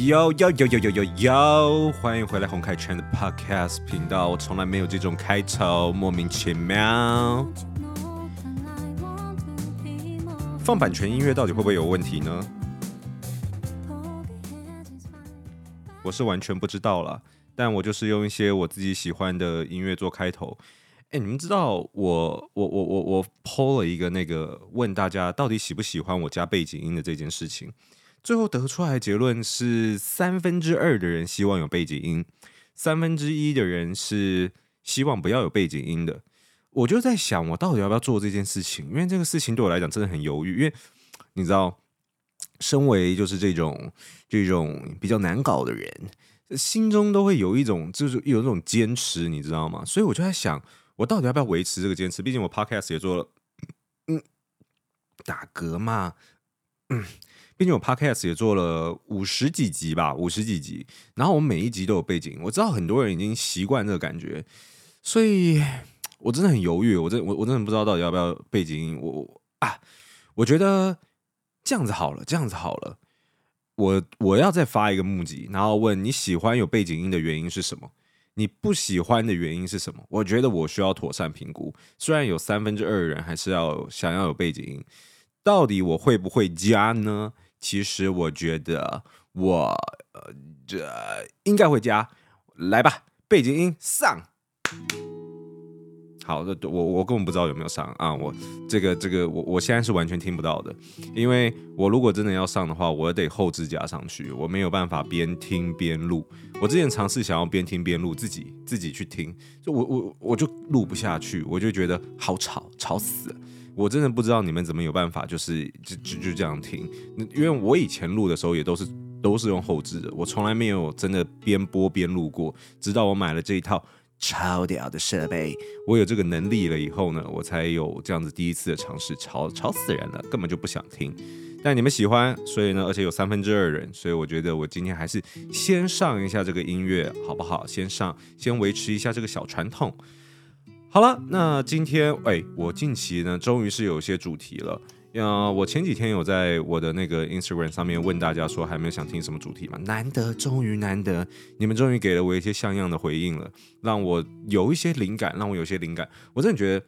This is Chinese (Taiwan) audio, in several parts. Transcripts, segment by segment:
有有有有有有有，歡迎回來洪凱全的 podcast 頻道。我從來沒有這種開頭，莫名其妙。放版權音樂到底會不會有問題呢？我是完全不知道了，但我就是用一些我自己喜歡的音樂做開頭。哎，你們知道我我我我我 Po 了一個那個問大家到底喜不喜歡我加背景音的這件事情？最後得出來結論是，三分之二的人希望有背景音，三分之一的人是希望不要有背景音的。我就在想，我到底要不要做這件事情？因為這個事情對我來講真的很猶豫。因為你知道，身為就是這種這種比較難搞的人，心中都會有一種就是有一種堅持，你知道嗎？所以我就在想，我到底要不要維持這個堅持？畢竟我 Podcast 也做了，嗯，打嗝嘛，嗯。並且我 Podcast 也做了五十幾集吧，五十幾集，然後我每一集都有背景音，我知道很多人已經習慣這個感覺，所以我真的很猶豫，我真我我真的不知道到底要不要背景音，我我啊，我覺得這樣子好了，這樣子好了，我我要再發一個募集，然後問你喜歡有背景音的原因是什麼，你不喜歡的原因是什麼？我覺得我需要妥善評估，雖然有三分之二的人還是要想要有背景音，到底我會不會加呢？其實我覺得我這、呃、應該會加來吧，背景音上。好的，我我根本不知道有沒有上啊！我這個這個，我我現在是完全聽不到的。因為我如果真的要上的話，我也得後置加上去，我沒有辦法邊聽邊錄。我之前嘗試想要邊聽邊錄，自己自己去聽，就我我我就錄不下去，我就覺得好吵，吵死了。我真的不知道你們怎麼有辦法、就是，就是就就就這樣聽，因為我以前錄的時候也都是都是用後製的，我從來沒有真的邊播邊錄過。直到我買了這一套超屌的設備，我有這個能力了以後呢，我才有這樣子第一次的嘗試，吵吵死人了，根本就不想聽。但你們喜歡，所以呢，而且有三分之二人，所以我覺得我今天還是先上一下這個音樂好不好？先上，先維持一下這個小傳統。好了，那今天哎、欸，我近期呢，終於是有一些主題了。呃，我前幾天有在我的那個 Instagram 上面問大家說，還沒有想聽什麼主題嗎？難得，終於難得，你們終於給了我一些像樣的回應了，讓我有一些靈感，讓我有些靈感。我真的覺得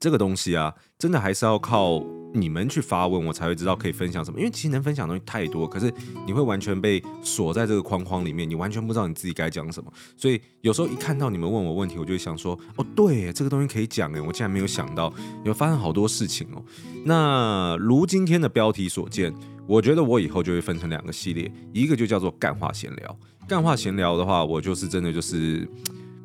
這個東西啊，真的還是要靠，你們去發問，我才會知道可以分享什麼，因為其實能分享的東西太多，可是你會完全被鎖在這個框框裡面，你完全不知道你自己該講什麼，所以有時候一看到你們問我問題，我就會想說，哦，對，這個東西可以講誒，我竟然沒有想到，有發生好多事情哦、喔。那如今天的標題所見，我覺得我以後就會分成兩個系列，一個就叫做幹話閒聊，幹話閒聊的話，我就是真的就是。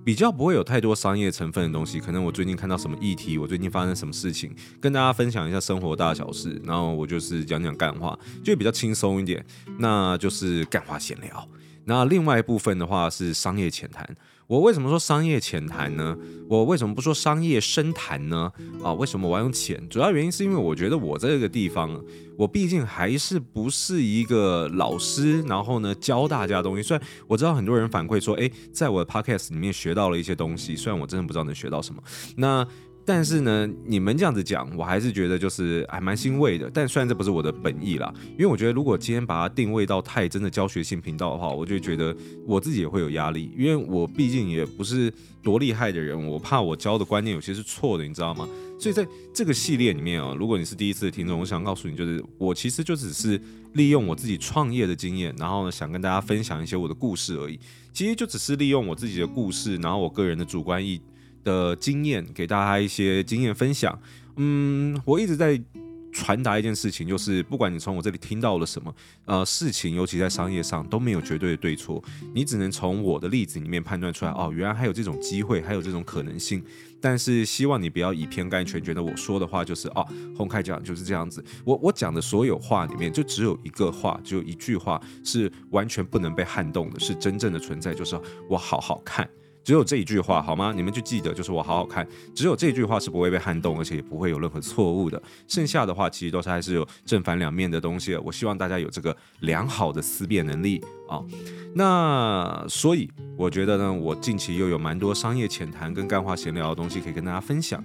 比較不會有太多商業成分的東西，可能我最近看到什麼議題，我最近發生什麼事情，跟大家分享一下生活大小事，然後我就是講講幹話，就比較輕鬆一點。那就是幹話閒聊，那另外一部分的話是商業淺談。我為什麼說商業淺談呢？我為什麼不說商業深談呢？啊，為什麼我要用淺？主要原因是因為我覺得我在這個地方，我畢竟還是不是一個老師，然後呢，教大家東西。雖然我知道很多人反饋說，誒、欸，在我的 podcast 裡面學到了一些東西，雖然我真的不知道能學到什麼。那但是呢，你們這樣子講，我還是覺得就是還蠻欣慰的。但雖然這不是我的本意啦，因為我覺得如果今天把它定位到太真的教學性頻道的話，我就覺得我自己也會有壓力，因為我畢竟也不是多厲害的人，我怕我教的觀念有些是錯的，你知道嗎？所以在這個系列裡面啊，如果你是第一次的聽眾，我想告訴你，就是我其實就只是利用我自己創業的經驗，然後呢，想跟大家分享一些我的故事而已。其實就只是利用我自己的故事，然後我個人的主觀意。的經驗給大家一些經驗分享。嗯，我一直在傳達一件事情，就是不管你從我這裡聽到了什麼呃事情，尤其在商業上都沒有絕對的對錯，你只能從我的例子裡面判斷出來。哦，原來還有這種機會，還有這種可能性。但是希望你不要以偏概全，覺得我說的話就是啊，洪凱講就是這樣子。我我講的所有話裡面，就只有一個話，就一句話是完全不能被撼動的，是真正的存在，就是我好好看。只有這一句話，好嗎？你們就記得，就是我好好看。只有這句話是不會被撼動，而且也不會有任何錯誤的。剩下的話，其實都是還是有正反兩面的東西的。我希望大家有這個良好的思辨能力啊，哦。那所以我覺得呢，我近期又有蠻多商業淺談跟乾話閒聊的東西可以跟大家分享。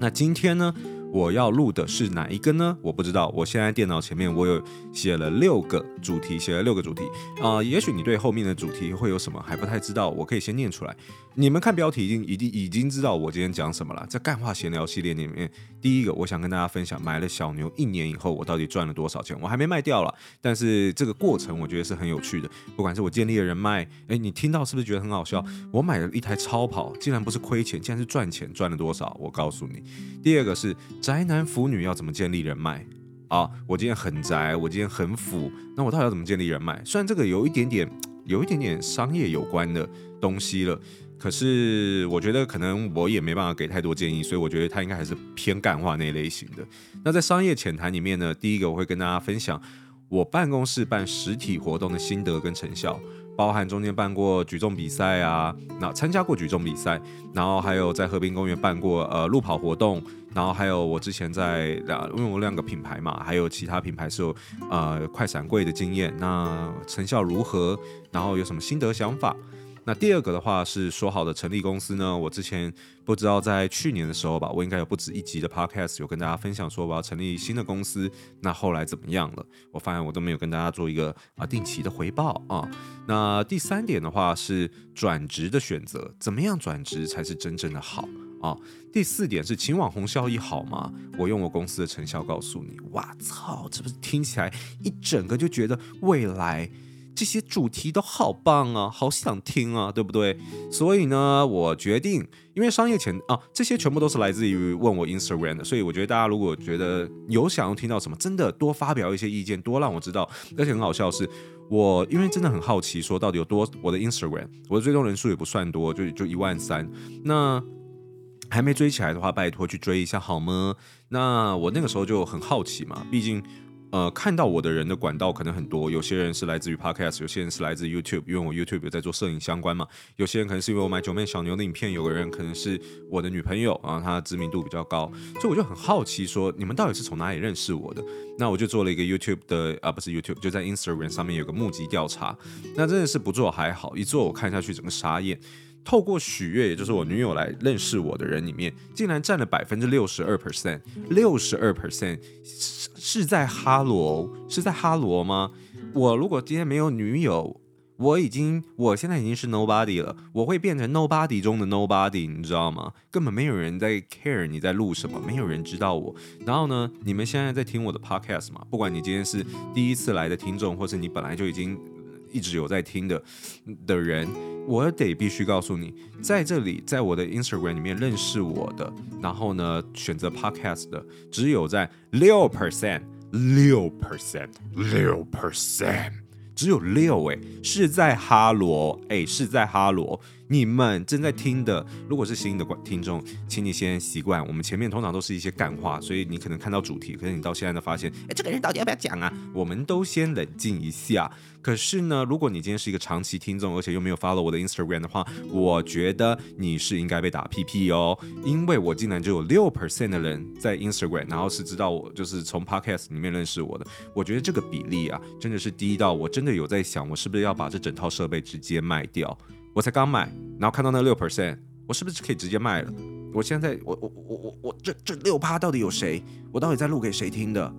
那今天呢？我要錄的是哪一個呢？我不知道。我現在電腦前面我有寫了六個主題，寫了六個主題啊、呃。也許你對後面的主題會有什麼還不太知道，我可以先念出來。你們看標題已經已經已經知道我今天講什麼了。在幹話閒聊系列裡面，第一個我想跟大家分享，買了小牛一年以後，我到底賺了多少錢？我還沒賣掉了，但是這個過程我覺得是很有趣的。不管是我建立的人脈，哎、欸，你聽到是不是覺得很好笑？我買了一台超跑，竟然不是虧錢，竟然是賺錢，賺了多少？我告訴你，第二個是。宅男腐女要怎麼建立人脈啊？我今天很宅，我今天很腐，那我到底要怎麼建立人脈？雖然這個有一點點，有一點點商業有關的東西了，可是我覺得可能我也沒辦法給太多建議，所以我覺得他應該還是偏幹話那類型的。那在商業淺談裡面呢，第一個我會跟大家分享我辦公室辦實體活動的心得跟成效，包含中間辦過舉重比賽啊，那參加過舉重比賽，然後還有在和平公園辦過呃路跑活動。然後還有我之前在兩，因為我兩個品牌嘛，還有其他品牌是有呃快閃櫃的經驗，那成效如何？然後有什麼心得想法？那第二個的話是說好的成立公司呢？我之前不知道在去年的時候吧，我應該有不止一集的 podcast 有跟大家分享說我要成立新的公司，那後來怎麼樣了？我發現我都沒有跟大家做一個啊定期的回報啊。那第三點的話是轉職的選擇，怎麼樣轉職才是真正的好？啊、哦，第四點是請網紅效益好嗎？我用我公司的成效告訴你，哇操，這不是聽起來一整個就覺得未來這些主題都好棒啊，好想聽啊，對不對？所以呢，我決定，因為商業淺談啊、哦，這些全部都是來自於問我 Instagram 的，所以我覺得大家如果覺得有想要聽到什麼，真的多發表一些意見，多讓我知道。而且很好笑的是，我因為真的很好奇，說到底有多我的 Instagram，我的追蹤人數也不算多，就就一萬三，那。還沒追起來的話，拜託去追一下好嗎？那我那個時候就很好奇嘛，畢竟，呃，看到我的人的管道可能很多，有些人是來自於 Podcast，有些人是來自 YouTube，因為我 YouTube 有在做攝影相關嘛，有些人可能是因為我買九面小牛的影片，有個人可能是我的女朋友啊，她知名度比較高，所以我就很好奇說你們到底是從哪裡認識我的？那我就做了一個 YouTube 的啊，不是 YouTube，就在 Instagram 上面有個募集調查。那這件事不做還好，一做我看下去整個傻眼。透過許悅，也就是我女友來認識我的人裡面，竟然占了百分之六十二 percent，六十二 percent 是是在哈羅，是在哈羅嗎？我如果今天沒有女友，我已經，我現在已經是 nobody 了，我會變成 nobody 中的 nobody，你知道嗎？根本沒有人在 care 你在錄什麼，沒有人知道我。然後呢，你們現在在聽我的 podcast 嘛，不管你今天是第一次來的聽眾，或是你本來就已經。一直有在聽的的人，我得必須告訴你，在這裡，在我的 Instagram 裡面認識我的，然後呢，選擇 Podcast 的，只有在六 percent，六 percent，六 percent，只有六位、欸，是在哈羅，哎、欸，是在哈羅。你們正在聽的，如果是新的聽眾，請你先習慣。我們前面通常都是一些幹話，所以你可能看到主題，可是你到現在才發現，誒，這個人到底要不要講啊？我們都先冷靜一下。可是呢，如果你今天是一個長期聽眾，而且又沒有 follow 我的 Instagram 的話，我覺得你是應該被打 PP 哦，因為我竟然只有六 percent 的人在 Instagram，然後是知道我就是從 Podcast 裡面認識我的。我覺得這個比例啊，真的是低到我真的有在想，我是不是要把這整套設備直接賣掉。我才剛買，然後看到那六 percent，我是不是可以直接賣了？我現在我我我我我這這六趴到底有誰？我到底在錄給誰聽的，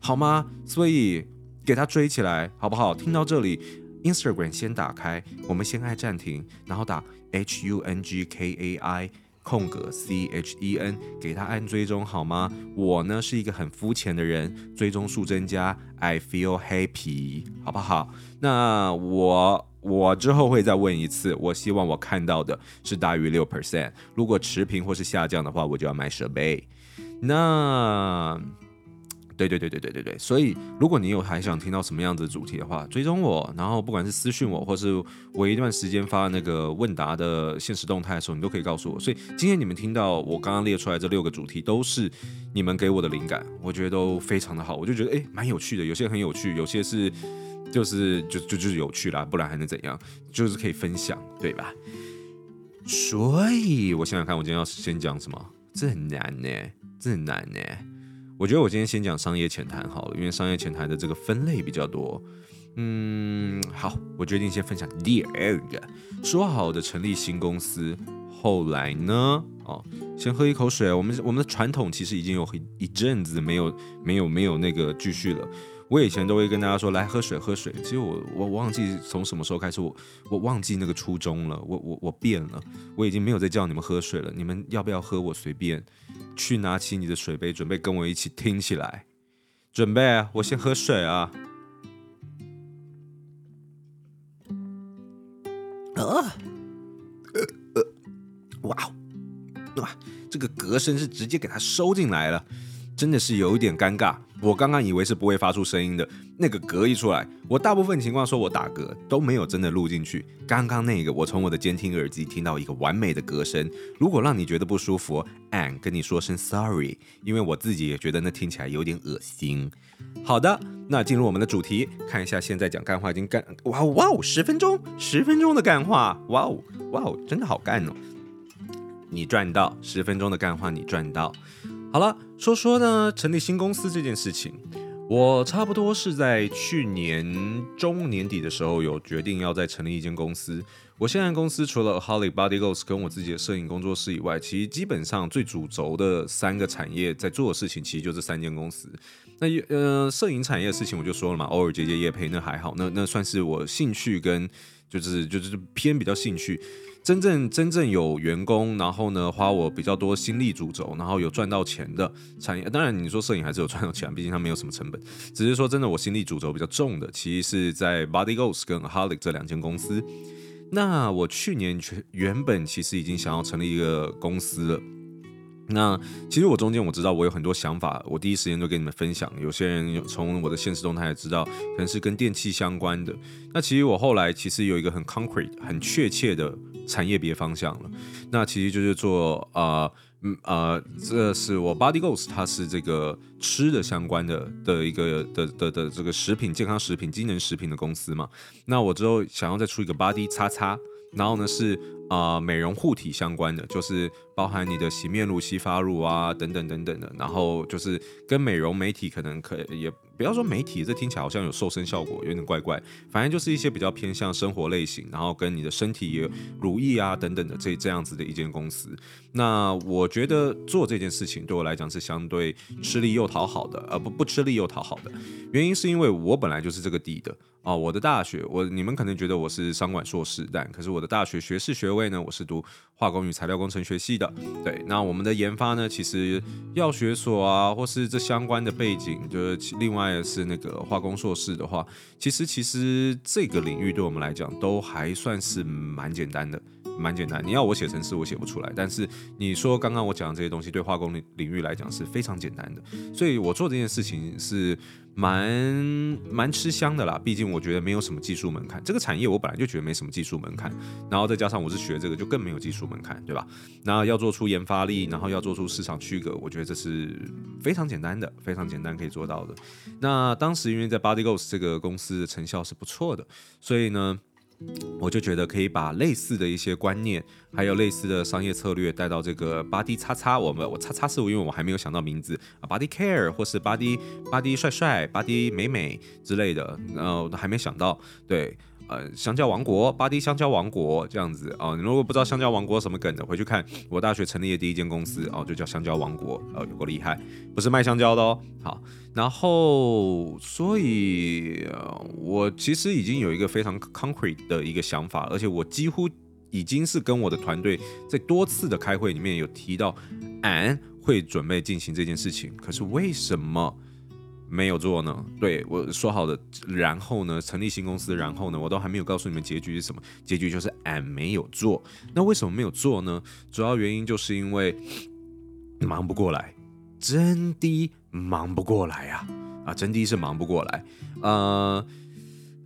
好嗎？所以給他追起來，好不好？聽到這裡，Instagram 先打開，我們先按暫停，然後打 H U N G K A I 空格 C H E N，給他按追蹤，好嗎？我呢是一個很膚淺的人，追蹤數增加，I feel happy，好不好？那我。我之後會再問一次，我希望我看到的是大於六 percent，如果持平或是下降的話，我就要買設備。那，對對對對對對對，所以如果你有還想聽到什麼樣子的主題的話，追蹤我，然後不管是私訊我，或是我一段時間發那個問答的限時動態的時候，你都可以告訴我。所以今天你們聽到我剛剛列出來的這六個主題，都是你們給我的靈感，我覺得都非常的好，我就覺得誒，蠻有趣的，有些很有趣，有些是。就是就就就是有趣啦，不然還能怎樣？就是可以分享，對吧？所以我想想看，我今天要先講什麼？這很難呢、欸，這很難呢、欸。我覺得我今天先講商業淺談好了，因為商業淺談的這個分類比較多。嗯，好，我決定先分享第二個。說好的成立新公司，後來呢？哦，先喝一口水。我們我們的傳統其實已經有一陣子沒有沒有沒有那個繼續了。我以前都會跟大家說：“來喝水，喝水。”其實我我忘記從什麼時候開始，我我忘記那個初衷了。我我我變了，我已經沒有再叫你們喝水了。你們要不要喝？我隨便去拿起你的水杯，準備跟我一起聽起來。準備啊！我先喝水啊！啊！呃呃，哇哦，對吧？這個隔聲是直接給它收進來了，真的是有一點尷尬。我剛剛以為是不會發出聲音的，那個嗝一出來，我大部分情況說我打嗝都沒有真的錄進去。剛剛那個，我從我的監聽耳機聽到一個完美的嗝聲。如果讓你覺得不舒服，and 跟你說聲 sorry，因為我自己也覺得那聽起來有點噁心。好的，那進入我們的主題，看一下現在講幹話已經幹，哇哦哇哦，十分鐘十分鐘的幹話，哇哦哇哦，真的好幹哦。你賺到十分鐘的幹話，你賺到。好了，說說呢，成立新公司這件事情，我差不多是在去年中年底的時候有決定要再成立一間公司。我現在公司除了 Holly Body Ghost 跟我自己的攝影工作室以外，其實基本上最主軸的三個產業在做的事情，其實就是三間公司。那呃，攝影產業的事情我就說了嘛，偶爾接接業配那還好，那那算是我興趣跟就是就是偏比較興趣。真正真正有員工，然後呢花我比較多心力主軸，然後有賺到錢的產業，當然你說攝影還是有賺到錢，畢竟它沒有什麼成本。只是說真的，我心力主軸比較重的，其實是在 Body Ghost 跟 Holic 這兩間公司。那我去年全原本，其實已經想要成立一個公司了。那其實我中間我知道我有很多想法，我第一時間就跟你們分享。有些人有從我的限時動態他也知道，可能是跟電器相關的。那其實我後來其實有一個很 concrete、很確切的產業別方向了。那其實就是做啊，嗯、呃、啊、呃，這是我 Body Goals，它是這個吃的相關的的一個的的的，的這個食品、健康食品、機能食品的公司嘛。那我之後想要再出一個 Body 叉叉。然後呢是啊、呃、美容護體相關的，就是包含你的洗面乳、洗髮乳啊等等等等的。然後就是跟美容美體可能可也不要說美體，這聽起來好像有瘦身效果，有點怪怪。反正就是一些比較偏向生活類型，然後跟你的身體也如意啊等等的這這樣子的一間公司。那我覺得做這件事情對我來講是相對吃力又討好的，而、呃、不不吃力又討好的原因是因為我本來就是這個底的。哦，我的大學，我你們可能覺得我是商管碩士，但可是我的大學學士學位呢，我是讀化工與材料工程學系的。對，那我們的研發呢，其實藥學所啊，或是這相關的背景，就是另外的是那個化工碩士的話，其實其實這個領域對我們來講都還算是蠻簡單的。蠻簡單，你要我寫成詩，我寫不出來。但是你說剛剛我講的這些東西，對化工領域來講是非常簡單的，所以我做這件事情是蠻蠻吃香的啦。畢竟我覺得沒有什麼技術門檻，這個產業我本來就覺得沒什麼技術門檻，然後再加上我是學這個，就更沒有技術門檻，對吧？那要做出研發力，然後要做出市場區隔，我覺得這是非常簡單的，非常簡單可以做到的。那當時因為在 Body Ghost 這個公司的成效是不錯的，所以呢。我就覺得可以把類似的一些觀念，還有類似的商業策略帶到這個 body 叉叉，我們我叉叉是，因為我還沒有想到名字啊，body care 或是 body body 帥帥，body 美美之類的，然後，還沒想到，對。呃，香蕉王國，巴迪香蕉王國這樣子啊、哦。你如果不知道香蕉王國什麼梗的，回去看我大學成立的第一間公司哦，就叫香蕉王國，哦，有夠厲害，不是賣香蕉的哦。好，然後，所以、呃、我其實已經有一個非常 concrete 的一個想法，而且我幾乎已經是跟我的團隊在多次的開會裡面有提到，俺會準備進行這件事情。可是為什麼？沒有做呢，對，我說好的，然後呢成立新公司，然後呢我都還沒有告訴你們結局是什麼，結局就是俺、哎、沒有做。那為什麼沒有做呢？主要原因就是因為忙不過來，真的忙不過來呀、啊！啊，真的是忙不過來。呃，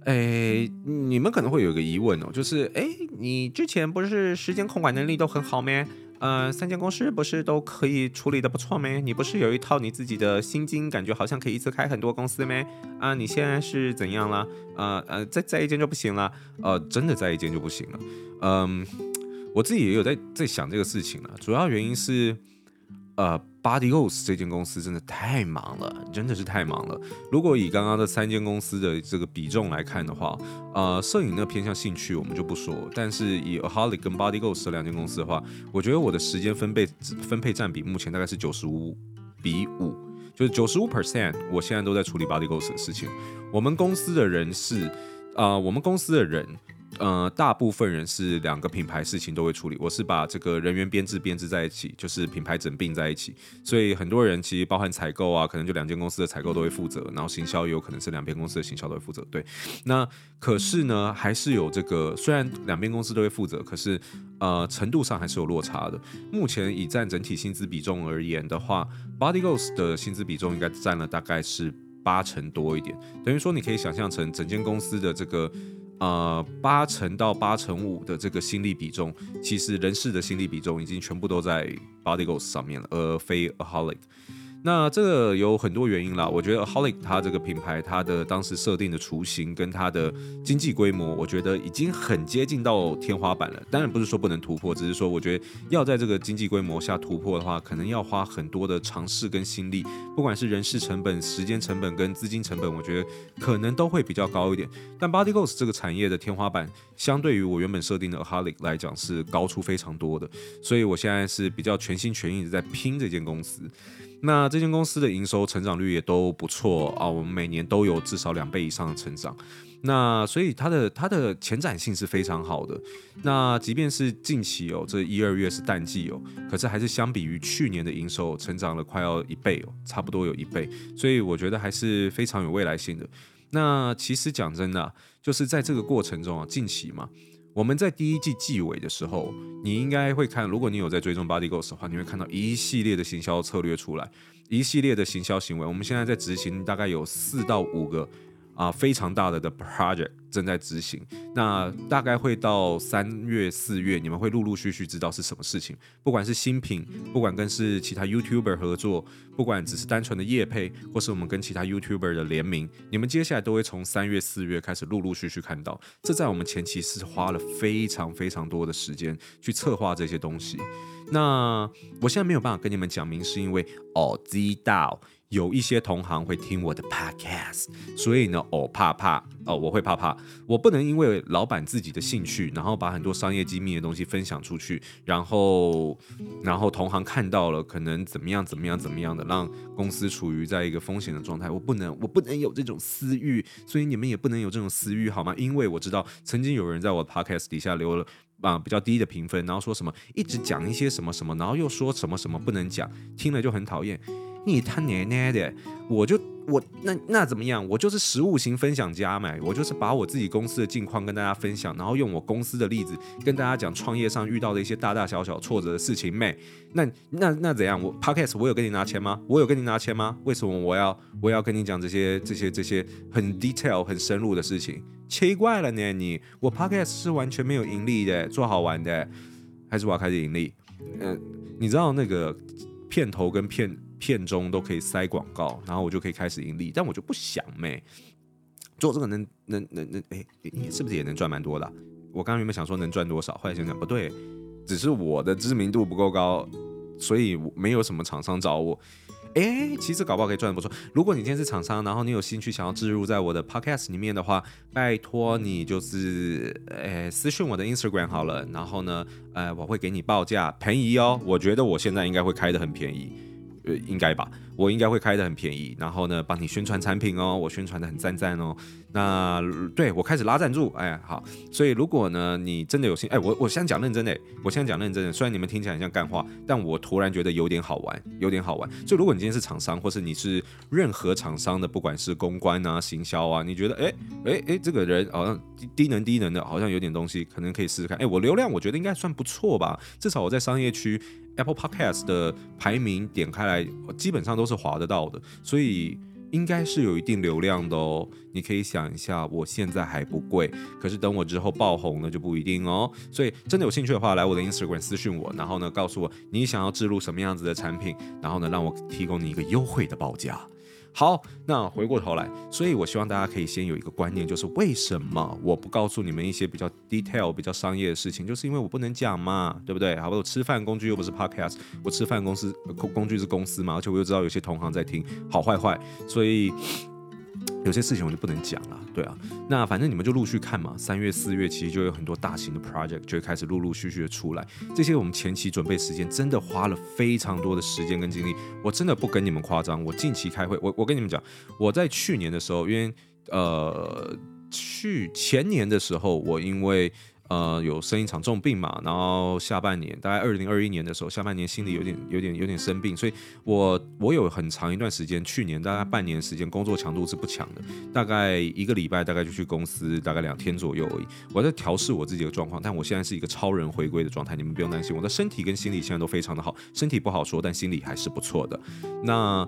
哎，你們可能會有一個疑問哦，就是哎，你之前不是時間控管能力都很好咩？呃，三間公司不是都可以處理得不錯嗎？你不是有一套你自己的心經，感覺好像可以一次開很多公司嗎？啊，你現在是怎樣了？啊、呃、啊，再、呃、再一間就不行了。呃，真的再一間就不行了。嗯、呃，我自己也有在在想這個事情了，主要原因是。呃，Body Goals 這間公司真的太忙了，真的是太忙了。如果以剛剛的三間公司的這個比重來看的話，呃，攝影呢偏向興趣，我們就不說。但是以 Aholic 跟 Body Goals 兩間公司的話，我覺得我的時間分配分配佔比目前大概是九十五比五，就是九十五 percent，我現在都在處理 Body Goals 的事情。我們公司的人是，啊、呃，我們公司的人。呃，大部分人是兩個品牌事情都會處理。我是把這個人員編制編制在一起，就是品牌整併在一起，所以很多人其實包含採購啊，可能就兩間公司的採購都會負責，然後行銷也有可能是兩邊公司的行銷都會負責。對，那可是呢，還是有這個，雖然兩邊公司都會負責，可是呃程度上還是有落差的。目前以佔整體薪資比重而言的話，Bodygoes 的薪資比重應該佔了大概是八成多一點，等於說你可以想象成整間公司的這個。呃，八成到八成五的這個心力比重，其實人事的心力比重已經全部都在 Body Goals 上面了，而非 Aholic。那這個有很多原因啦。我覺得 Aholic 它這個品牌，它的當時設定的雛形跟它的經濟規模，我覺得已經很接近到天花板了。當然不是說不能突破，只是說我覺得要在這個經濟規模下突破的話，可能要花很多的嘗試跟心力，不管是人事成本、時間成本跟資金成本，我覺得可能都會比較高一點。但 Body Glove 這個產業的天花板，相對於我原本設定的 Aholic 來講是高出非常多的，所以我現在是比較全心全意的在拼這間公司。那這間公司的營收成長率也都不錯、哦、啊，我們每年都有至少兩倍以上的成長，那所以它的它的前瞻性是非常好的。那即便是近期哦，這一二月是淡季哦，可是還是相比於去年的營收，成長了快要一倍哦，差不多有一倍，所以我覺得還是非常有未來性的。那其實講真的、啊，就是在這個過程中啊，近期嘛。我們在第一季季尾的時候，你應該會看，如果你有在追蹤《Body Goes》的話，你會看到一系列的行銷策略出來，一系列的行銷行為。我們現在在執行大概有四到五個。啊，非常大的的 project 正在執行，那大概會到三月四月，你們會陸陸續續知道是什麼事情。不管是新品，不管跟是其他 YouTuber 合作，不管只是單純的業配，或是我們跟其他 YouTuber 的聯名，你們接下來都會從三月四月開始陸陸續續看到。這在我們前期是花了非常非常多的時間去策劃這些東西。那我現在沒有辦法跟你們講明，是因為哦，地道。有一些同行會聽我的 podcast，所以呢，我、哦、怕怕，哦。我會怕怕，我不能因為老闆自己的興趣，然後把很多商業機密的東西分享出去，然後，然後同行看到了，可能怎麼樣怎麼樣怎麼樣的，讓公司處於在一個風險的狀態，我不能，我不能有這種私慾，所以你們也不能有這種私慾，好嗎？因為我知道曾經有人在我的 podcast 底下留了啊、呃、比較低的評分，然後說什麼一直講一些什麼什麼，然後又說什麼什麼不能講，聽了就很討厭。你他奶奶的！我就我那那怎麼樣？我就是實務型分享家嘛，我就是把我自己公司的近況跟大家分享，然後用我公司的例子跟大家講創業上遇到的一些大大小小挫折的事情，嘛。那那那怎樣？我 Podcast 我有跟你拿錢嗎？我有跟你拿錢嗎？為什麼我要我要跟你講這些這些這些很 detail 很深入的事情？奇怪了呢，你我 Podcast 是完全沒有盈利的，做好玩的，還是我要開始盈利？嗯、呃，你知道那個片頭跟片。片中都可以塞廣告，然後我就可以開始盈利。但我就不想沒、欸、做這個能能能能哎、欸，你是不是也能賺蠻多的、啊？我剛剛原本想說能賺多少，後來想想不對，只是我的知名度不夠高，所以沒有什麼廠商找我。哎、欸，其實搞不好可以賺得不錯。如果你今天是廠商，然後你有興趣想要置入在我的 Podcast 裡面的話，拜託你就是呃、欸、私信我的 Instagram 好了。然後呢，呃，我會給你報價，便宜哦，我覺得我現在應該會開得很便宜。對，應該吧，我應該會開得很便宜，然後呢，幫你宣傳產品哦、喔，我宣傳得很讚讚哦。那對，我開始拉贊助，哎、欸，好。所以如果呢，你真的有興趣哎、欸，我我現在講認真的，我現在講認真的欸，雖然你們聽起來很像幹話，但我突然覺得有點好玩，有點好玩。所以如果你今天是廠商，或是你是任何廠商的，不管是公關啊、行銷啊，你覺得，哎、欸，哎、欸、哎、欸，這個人好像低能低能的，好像有點東西，可能可以試試看。哎、欸，我流量我覺得應該算不錯吧，至少我在商業區，Apple Podcast 的排名點開來，基本上都是滑得到的，所以應該是有一定流量的哦。你可以想一下，我現在還不貴，可是等我之後爆紅了就不一定哦。所以真的有興趣的話，來我的 Instagram 私訊我，然後呢，告訴我你想要置入什麼樣子的產品，然後呢，讓我提供你一個優惠的報價。好，那回過頭來，所以我希望大家可以先有一個觀念，就是為什麼我不告訴你們一些比較 detail、比較商業的事情，就是因為我不能講嘛，對不對？好，我吃飯工具又不是 podcast，我吃飯公司工工具是公司嘛，而且我又知道有些同行在聽，好壞壞，所以。有些事情我就不能講了，對啊，那反正你們就陸續看嘛。三月、四月其實就有很多大型的 project 就會開始陸陸續續的出來，這些我們前期準備時間真的花了非常多的時間跟精力，我真的不跟你們誇張。我近期開會，我我跟你們講，我在去年的時候，因為呃去前年的時候，我因為。呃，有生一場重病嘛，然後下半年大概二零二一年的時候，下半年心理有點、有點、有點生病，所以我我有很長一段時間，去年大概半年時間，工作強度是不強的，大概一個禮拜大概就去公司，大概兩天左右而已，我在調試我自己的狀況。但我現在是一個超人回歸的狀態，你們不用擔心，我的身體跟心理現在都非常的好，身體不好說，但心理還是不錯的，那。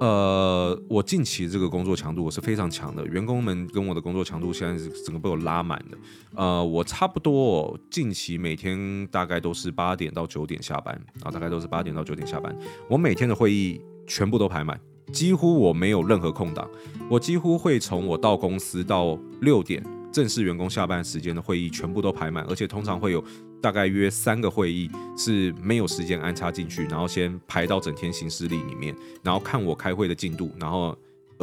呃，我近期這個工作強度我是非常強的，員工們跟我的工作強度現在是整個被我拉滿的。呃，我差不多近期每天大概都是八點到九點下班，啊，大概都是八點到九點下班。我每天的會議全部都排滿，幾乎我沒有任何空檔，我幾乎會從我到公司到六點。正式員工下班時間的會議全部都排滿，而且通常會有大概約三個會議是沒有時間安插進去，然後先排到整天行事曆裡面，然後看我開會的進度，然後。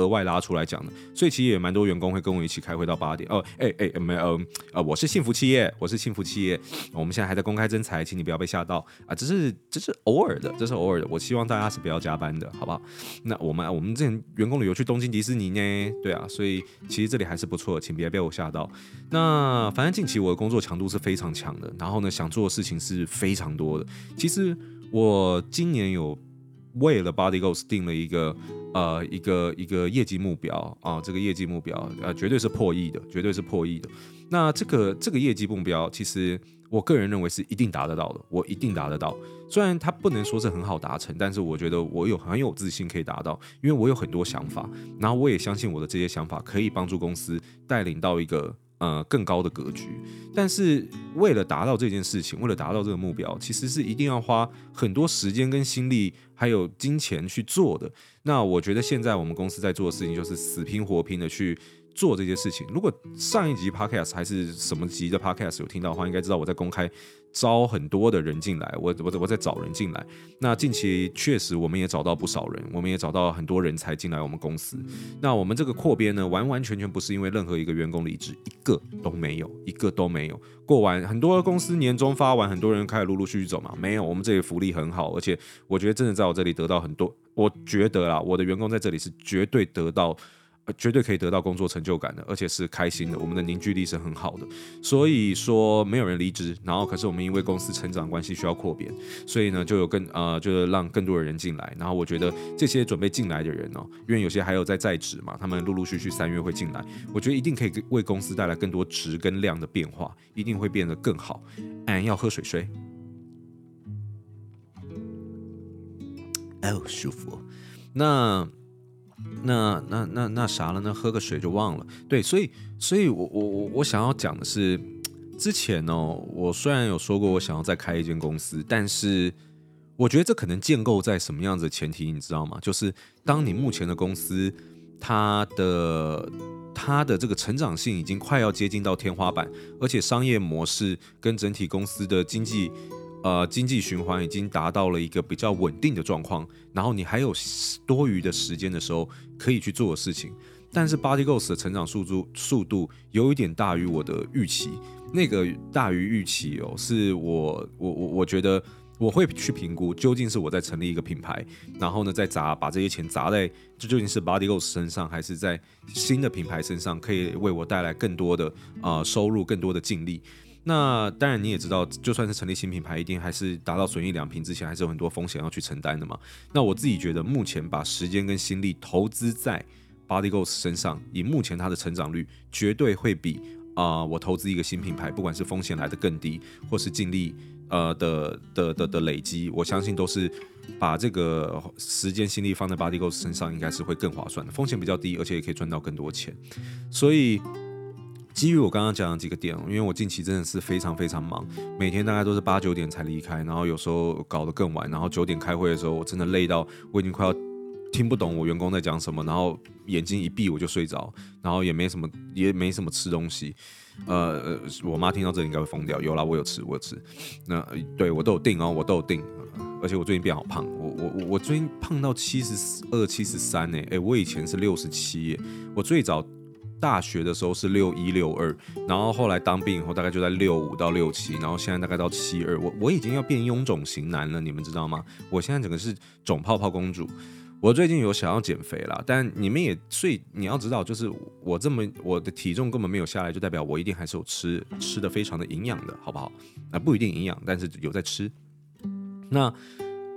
額外拉出來講的，所以其實也蠻多員工會跟我一起開會到八點哦。誒、呃、誒，沒、欸、有，啊、欸呃呃，我是幸福企業，我是幸福企業，我們現在還在公開徵才，請你不要被嚇到啊！只是，只是偶爾的，只是偶爾的。我希望大家是不要加班的，好不好？那我們，我們之前員工旅遊去東京迪士尼呢，對啊，所以其實這裡還是不錯，請別被我嚇到。那反正近期我的工作強度是非常強的，然後呢，想做的事情是非常多的。其實我今年有為了 Body Ghost 定了一個。呃，一個一個業績目標啊，呃，這個業績目標呃，絕對是破億的，絕對是破億的。那這個這個業績目標，其實我個人認為是一定達得到的，我一定達得到。雖然它不能說是很好達成，但是我覺得我有很有自信可以達到，因為我有很多想法，然後我也相信我的這些想法可以幫助公司帶領到一個。呃，更高的格局，但是為了達到這件事情，為了達到這個目標，其實是一定要花很多時間、跟心力，還有金錢去做的。那我覺得現在我們公司在做的事情，就是死拼活拼的去做這些事情。如果上一集 podcast 還是什麼集的 podcast 有聽到的話，應該知道我在公開。招很多的人進來，我我我在找人進來。那近期確實我們也找到不少人，我們也找到很多人才進來我們公司。那我們這個擴編呢，完完全全不是因為任何一個員工離職，一個都沒有，一個都沒有。過完很多公司年終發完，很多人開始陸陸續續走嘛，沒有，我們這裡福利很好，而且我覺得真的在我這裡得到很多。我覺得啦，我的員工在這裡是絕對得到。絕對可以得到工作成就感的，而且是開心的。我們的凝聚力是很好的，所以說，沒有人離職。然後，可是我們因為公司成長關係需要擴編，所以呢就有更呃，就是讓更多的人進來。然後我覺得這些準備進來的人呢，因為有些還有在在職嘛，他們陸陸續續續三月會進來，我覺得一定可以為公司帶來更多質跟量的變化，一定會變得更好。and、嗯、要喝水水。oh，舒服。那。那那那那啥了呢？喝個水就忘了。對，所以所以我，我我我我想要講的是，之前哦，我雖然有說過我想要再開一間公司，但是我覺得這可能建構在什麼樣子的前提？你知道嗎？就是當你目前的公司，它的它的這個成長性已經快要接近到天花板，而且商業模式跟整體公司的經濟。呃，經濟循環已經達到了一個比較穩定的狀況，然後你還有多餘的時間的時候，可以去做的事情。但是 BodyGos 的成長速度速度有一點大於我的預期，那個大於預期哦，是我我我我覺得我會去評估，究竟是我在成立一個品牌，然後呢再砸把這些錢砸在，這究竟是 BodyGos 身上，還是在新的品牌身上，可以為我帶來更多的啊、呃、收入，更多的淨利。那當然，你也知道，就算是成立新品牌，一定還是達到損益兩平之前，還是有很多風險要去承擔的嘛。那我自己覺得，目前把時間跟心力投資在 Bodygo 身上，以目前它的成長率，絕對會比啊、呃，我投資一個新品牌，不管是風險來的更低，或是淨利呃的的的的累積，我相信都是把這個時間心力放在 Bodygo 身上，應該是會更划算的，風險比較低，而且也可以賺到更多錢，所以。基於我剛剛講的幾個點，因為我近期真的是非常非常忙，每天大概都是八九點才離開，然後有時候搞得更晚，然後九點開會的時候，我真的累到我已經快要聽不懂我員工在講什麼，然後眼睛一閉我就睡着，然後也沒什麼，也沒什麼吃東西，呃呃，我媽聽到這裡應該會瘋掉。有啦，我有吃，我有吃。那對我都有訂哦，我都有訂。而且我最近變好胖，我我我我最近胖到七十二七十三呢，誒、欸，我以前是六十七耶，我最早。大學的時候是六一六二，然後後來當兵以後大概就在六五到六七，然後現在大概到七二。我我已經要變臃腫型男了，你們知道嗎？我現在整個是腫泡泡公主。我最近有想要減肥了，但你們也所以你要知道，就是我這麼我的體重根本沒有下來，就代表我一定還是有吃吃得非常的營養的，好不好？啊，不一定營養，但是有在吃。那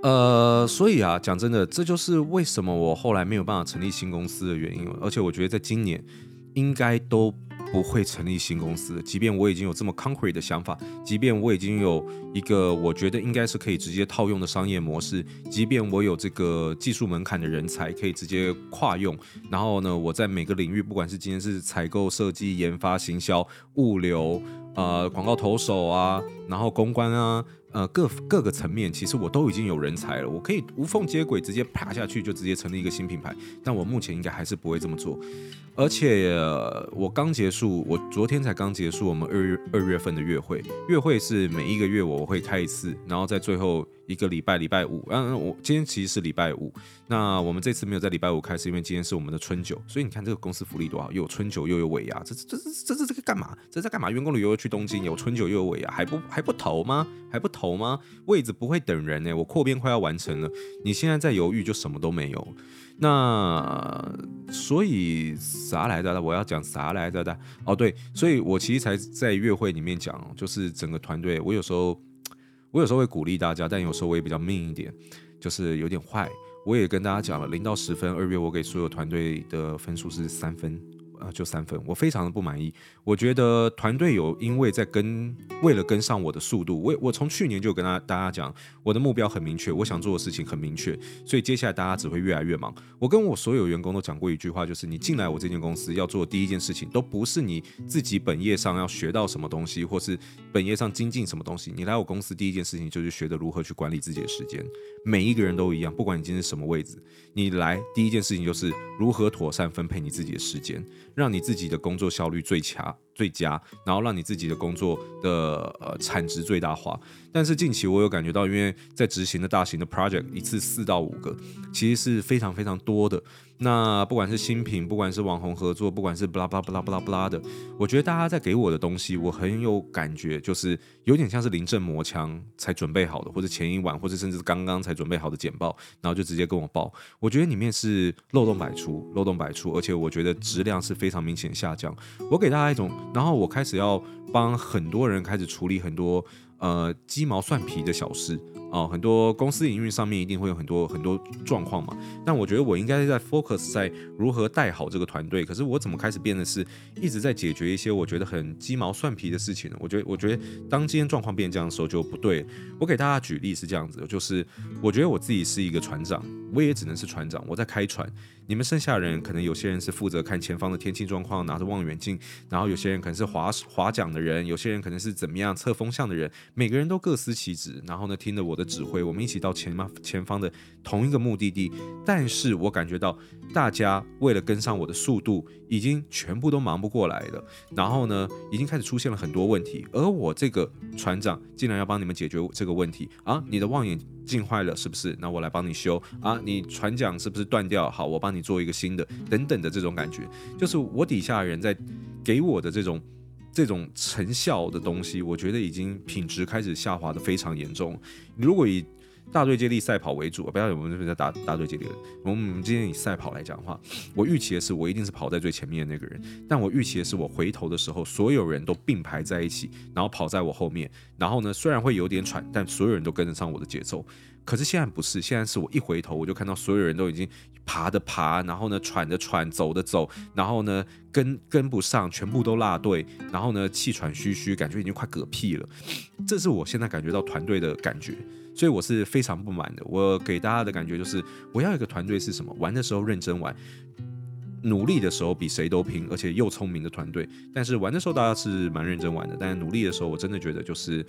呃，所以啊，講真的，這就是為什麼我後來沒有辦法成立新公司的原因。而且我覺得在今年。應該都不會成立新公司。即便我已經有這麼 concrete 的想法，即便我已經有一個我覺得應該是可以直接套用的商業模式，即便我有這個技術門檻的人才可以直接跨用，然後呢，我在每個領域，不管是今天是採購、設計、研發、行銷、物流，呃，廣告投手啊，然後公關啊。呃，各、各個層面，其實我都已經有人才了，我可以無縫接軌，直接爬下去就直接成立一個新品牌。但我目前應該還是不會這麼做。而且，呃，我剛結束，我昨天才剛結束我們二月二月份的月會。月會是每一個月我會開一次，然後在最後。一個禮拜，禮拜五，嗯，我今天其實是禮拜五。那我們這次沒有在禮拜五開始，因為今天是我們的春酒，所以你看這個公司福利多好，又有春酒又有尾牙，這這這這這這個幹嘛？這在幹嘛？員工旅遊又去東京，有春酒又有尾牙，還不還不投嗎？還不投嗎？位置不會等人呢，我擴編快要完成了，你現在在猶豫就什麼都沒有。那所以啥來着的？我要講啥來着的？哦對，所以我其實才在月會裡面講，就是整個團隊，我有時候。我有時候會鼓勵大家，但有時候我也比較 mean 一點，就是有點壞。我也跟大家講了，零到十分，二月我給所有團隊的分數是三分。啊，就三分，我非常的不滿意。我覺得團隊有因為在跟為了跟上我的速度，我我從去年就跟大大家講，我的目標很明確，我想做的事情很明確，所以接下來大家只會越來越忙。我跟我所有員工都講過一句話，就是你進來我這間公司要做的第一件事情，都不是你自己本業上要學到什麼東西，或是本業上精進什麼東西。你來我公司第一件事情就是學着如何去管理自己的時間。每一個人都一樣，不管你今天是什麼位置，你來第一件事情就是如何妥善分配你自己的時間。讓你自己的工作效率最強、最佳，然後讓你自己的工作的呃產值最大化。但是近期我有感覺到，因為在執行的大型的 project 一次四到五個，其實是非常非常多的。那不管是新品，不管是網紅合作，不管是不拉不拉不拉不拉不啦的，我覺得大家在給我的東西，我很有感覺，就是有點像是臨陣磨槍才準備好的，或者前一晚，或者甚至剛剛才準備好的簡報，然後就直接跟我報。我覺得裡面是漏洞百出，漏洞百出，而且我覺得質量是非常明顯下降。我給大家一種，然後我開始要幫很多人開始處理很多呃雞毛蒜皮的小事。哦，很多公司營運上面一定會有很多很多狀況嘛，但我覺得我應該在 focus 在如何帶好這個團隊。可是我怎麼開始變的是一直在解決一些我覺得很雞毛蒜皮的事情呢？我覺得我覺得當今天狀況變這樣的時候就不對。我給大家舉例是這樣子的，就是我覺得我自己是一個船長，我也只能是船長，我在開船。你們剩下人可能有些人是負責看前方的天氣狀況，拿着望遠鏡；然後有些人可能是划划槳的人，有些人可能是怎麼樣測風向的人。每個人都各司其職，然後呢，聽了我的。的指揮，我們一起到前前方的同一個目的地。但是我感覺到大家為了跟上我的速度，已經全部都忙不過來了。然後呢，已經開始出現了很多問題。而我這個船長，竟然要幫你們解決這個問題啊！你的望遠鏡壞了是不是？那我來幫你修啊！你船槳是不是斷掉？好，我幫你做一個新的，等等的這種感覺，就是我底下的人在給我的這種。這種成效的東西，我覺得已經品質開始下滑的非常嚴重。你如果以大隊接力賽跑為主，不要我們這邊叫大大隊接力了。我們今天以賽跑來講的話，我預期的是我一定是跑在最前面的那個人。但我預期的是，我回頭的時候，所有人都並排在一起，然後跑在我後面。然後呢，雖然會有點喘，但所有人都跟得上我的節奏。可是現在不是，現在是我一回頭，我就看到所有人都已經爬的爬，然後呢喘的喘，走的走，然後呢跟跟不上，全部都落隊，然後呢氣喘吁吁，感覺已經快嗝屁了。這是我現在感覺到團隊的感覺。所以我是非常不滿的。我給大家的感覺就是，我要一個團隊是什麼？玩的時候認真玩，努力的時候比誰都拼，而且又聰明的團隊。但是玩的時候大家是蠻認真玩的，但是努力的時候我真的覺得就是，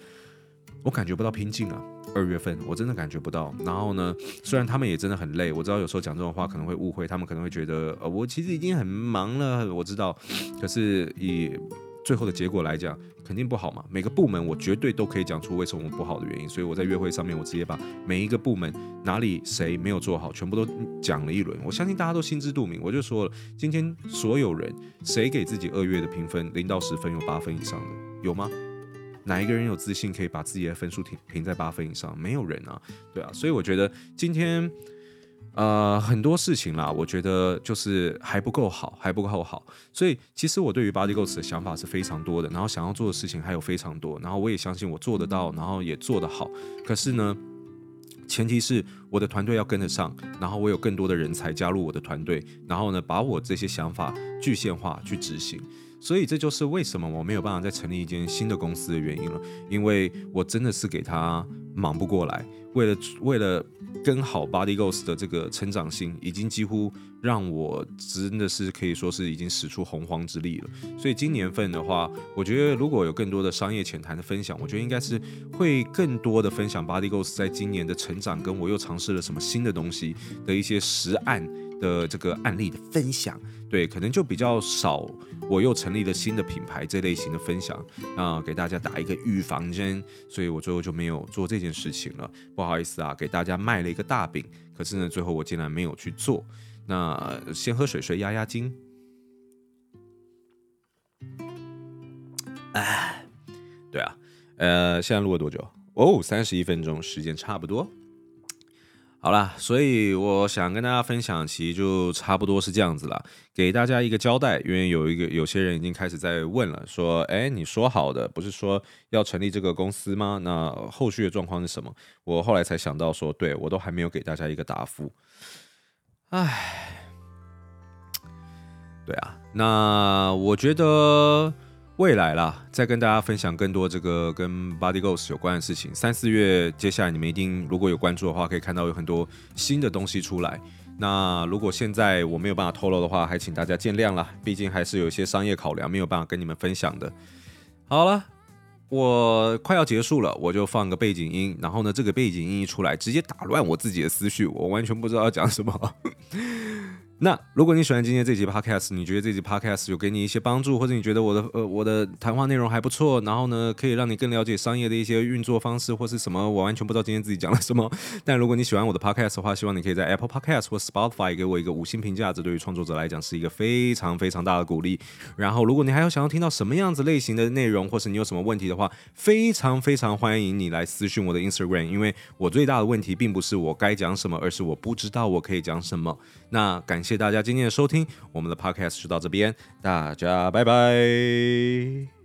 我感覺不到拼勁啊。二月份我真的感覺不到。然後呢，雖然他們也真的很累，我知道有時候講這種話可能會誤會，他們可能會覺得呃我其實已經很忙了。我知道，可是也。最後的結果來講，肯定不好嘛。每個部門我絕對都可以講出為什麼不好的原因，所以我在約會上面，我直接把每一個部門哪裡誰沒有做好，全部都講了一輪。我相信大家都心知肚明。我就說了，今天所有人誰給自己二月的評分零到十分有八分以上的有嗎？哪一個人有自信可以把自己的分數評評在八分以上？沒有人啊，對啊。所以我覺得今天。呃，很多事情啦，我覺得就是還不夠好，還不夠好。所以，其實我對於 Body Goals 的想法是非常多的，然後想要做的事情還有非常多，然後我也相信我做得到，然後也做得好。可是呢，前提是我的團隊要跟得上，然後我有更多的人才加入我的團隊，然後呢，把我這些想法具現化去執行。所以，這就是為什麼我沒有辦法再成立一間新的公司的原因了，因為我真的是給他。忙不過來，為了為了跟好 Body Ghost 的這個成長性，已經幾乎讓我真的是可以說是已經使出洪荒之力了。所以今年份的話，我覺得如果有更多的商業淺談的分享，我覺得應該是會更多的分享 Body Ghost 在今年的成長，跟我又嘗試了什麼新的東西的一些實案的這個案例的分享。對，可能就比較少。我又成立了新的品牌，這類型的分享啊、呃，給大家打一個預防針，所以我最後就沒有做這件事情了。不好意思啊，給大家賣了一個大餅，可是呢，最後我竟然沒有去做。那、呃、先喝水水壓壓驚。唉，對啊，呃，現在錄了多久？哦，三十一分鐘，時間差不多。好啦，所以我想跟大家分享，其實就差不多是這樣子啦，給大家一個交代。因為有一個有些人已經開始在問了，說：“哎，你說好的，不是說要成立這個公司嗎？那後續的狀況是什麼？”我後來才想到說，對，我都還沒有給大家一個答覆。哎，對啊，那我覺得。未來啦，再跟大家分享更多這個跟 Body Ghost 有關的事情。三四月接下來你們一定如果有關注的話，可以看到有很多新的東西出來。那如果現在我沒有辦法透露的話，還請大家見諒啦，畢竟還是有一些商業考量沒有辦法跟你們分享的。好了，我快要結束了，我就放個背景音。然後呢，這個背景音一出來，直接打亂我自己的思緒，我完全不知道要講什麼。 那如果你喜歡今天這集 podcast，你覺得這集 podcast 有給你一些幫助，或者你覺得我的呃我的談話內容還不錯，然後呢可以讓你更了解商業的一些運作方式，或是什麼，我完全不知道今天自己講了什麼。但如果你喜歡我的 podcast 的話，希望你可以在 Apple Podcast 或 Spotify 給我一個五星評價，這對於創作者來講是一個非常非常大的鼓勵。然後，如果你還有想要聽到什麼樣子類型的內容，或是你有什麼問題的話，非常非常歡迎你來私訊我的 Instagram，因為我最大的問題並不是我該講什麼，而是我不知道我可以講什麼。那感謝。謝謝大家今天的收聽，我們的 podcast 就到這邊，大家拜拜。